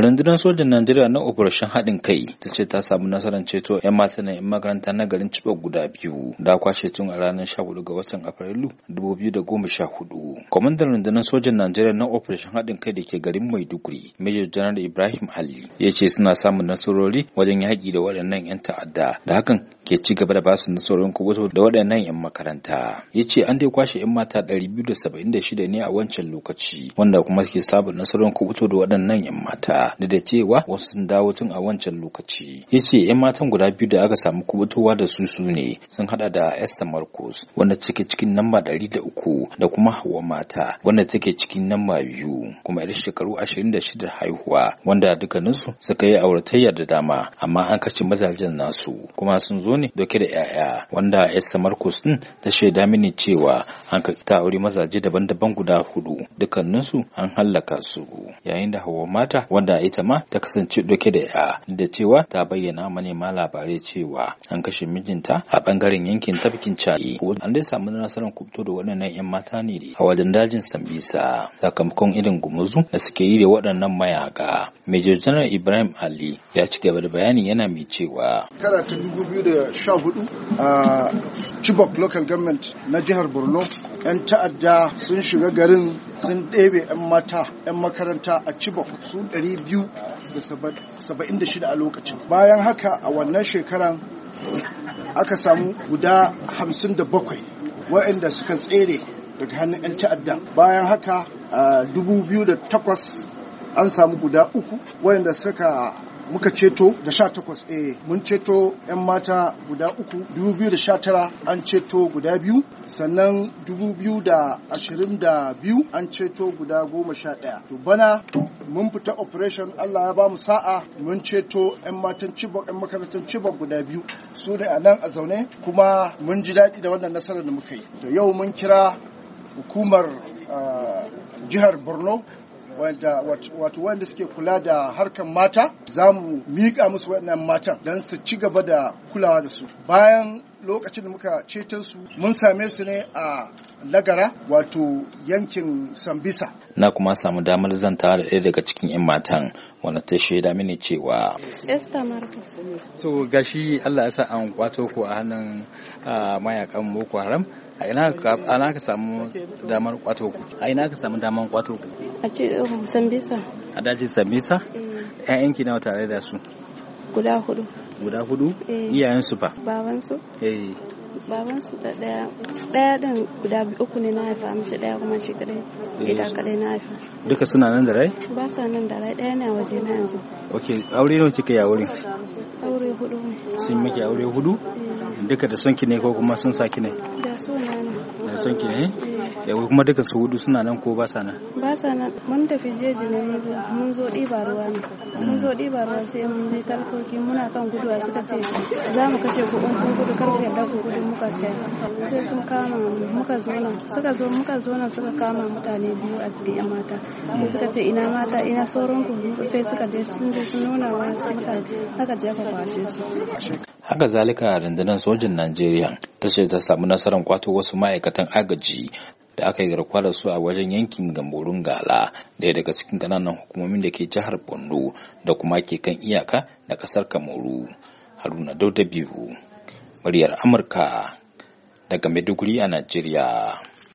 rundunar sojan najeriya na operation haɗin kai ta ce ta samu nasarar ceto 'yan mata na 'yan makaranta na garin cibok guda biyu da kwashe tun a ranar 14 ga watan afrilu 2014 kwamandan rundunar sojan najeriya na operation haɗin kai da ke garin maiduguri major general ibrahim ali ya ce suna samun nasarori wajen yaƙi da waɗannan 'yan ta'adda da hakan ke ci gaba da ba su nasarorin kubuto da waɗannan 'yan makaranta ya ce an dai kwashe 'yan mata 276 ne a wancan lokaci wanda kuma suke samun nasarorin kubuto da waɗannan 'yan mata da da cewa wasu sun dawo tun a wancan lokaci ya ce 'yan matan guda biyu da aka samu kubutowa da su su ne sun hada da esther marcos wanda take cikin namba ɗari da uku da kuma hawa mata wanda take cikin namba biyu kuma yar shekaru ashirin da shida haihuwa wanda dukkaninsu suka yi auratayya da dama amma an kashe mazajen nasu kuma sun zo ne dauke da 'ya'ya wanda esther marcos din ta shaida mini cewa an ta aure mazaje daban-daban guda hudu dukkaninsu an hallaka su yayin da hawa mata wanda da ita ma ta kasance doke da ya da cewa ta bayyana manema labarai cewa an kashe mijinta a bangaren yankin tafkin cayi an dai samu nasarar kubto da wannan 'yan mata ne a wajen dajin sambisa sakamakon irin gumuzu da suke yi da waɗannan mayaka major general ibrahim ali ya ci gaba da bayani yana mai cewa kara ta dubu biyu da sha hudu a chibok local government na jihar borno 'yan ta'adda sun shiga garin sun ɗebe 'yan mata 'yan makaranta a chibok su ɗari 276 a lokacin bayan haka a wannan shekaran aka samu guda 57 waɗanda suka tsere daga hannun 'yan ta'adda bayan haka a 2008 an samu guda uku waɗanda suka muka ceto da 18 a eh, mun ceto 'yan mata guda uku 2019 an ceto guda biyu sannan 2022 an ceto guda goma sha ɗaya to bana mun fita operation Allah ya ba mu sa'a mun ceto 'yan matan cibok 'yan makarantar cibok guda biyu su ne a nan a zaune kuma mun ji daɗi da wannan nasarar da muka yi to yau mun kira hukumar uh, jihar Borno wato wanda suke kula da harkar mata za mu miƙa musu waɗannan matan don su ci gaba da kulawa da su bayan lokacin da muka ceto su mun same su ne a lagara wato yankin sambisa na kuma samu damar zan da ɗaya daga cikin 'yan matan wani ta shaida mini cewa Esther Marcus so gashi Allah sa an kwato ko a hannun mayakan Boko Haram a ina ka samu damar kwato ku a ina ka samu damar kwato ku a ce oh, Sambisa a dajin Sambisa eh. ƴaƴanki nawa tare da su guda hudu guda hudu eh. iyayen su fa baban su eh baban su da daya daya din guda uku ne na haifa mishi daya kuma shi kadai eh. ita kadai na haifa duka suna nan da rai ba sa nan da rai daya ne a waje na yanzu okay aure nawa kika yi a wurin hudu sun miki aure hudu duka da son ne ko kuma sun saki ne da da son ki ne eh. ya kuma duka su hudu suna nan ko ba sa nan ba sa nan mun tafi jeji ne mun zo mun ɗiba ruwa ne mun zo mm. ɗiba ruwa sai mun je talkoki muna kan gudu a suka ce za mu kashe ku kun gudu kar ku yarda ku gudu muka sai sai sun kama muka zo nan suka zo muka zo nan suka kama mutane biyu a cikin yan mata sai suka ce ina mata ina sauran ku sai suka je sun je sun nuna wa su mutane aka je aka kwashe haka zalika rundunar sojin najeriya ta ce ta samu nasarar kwato wasu ma'aikatan agaji da aka yi garkuwa da su a wajen yankin gamborun gala daya daga cikin kananan hukumomin da ke jihar borno da kuma ke kan iyaka da kasar kamoru haruna dauda biyu muryar amurka daga maiduguri a najeriya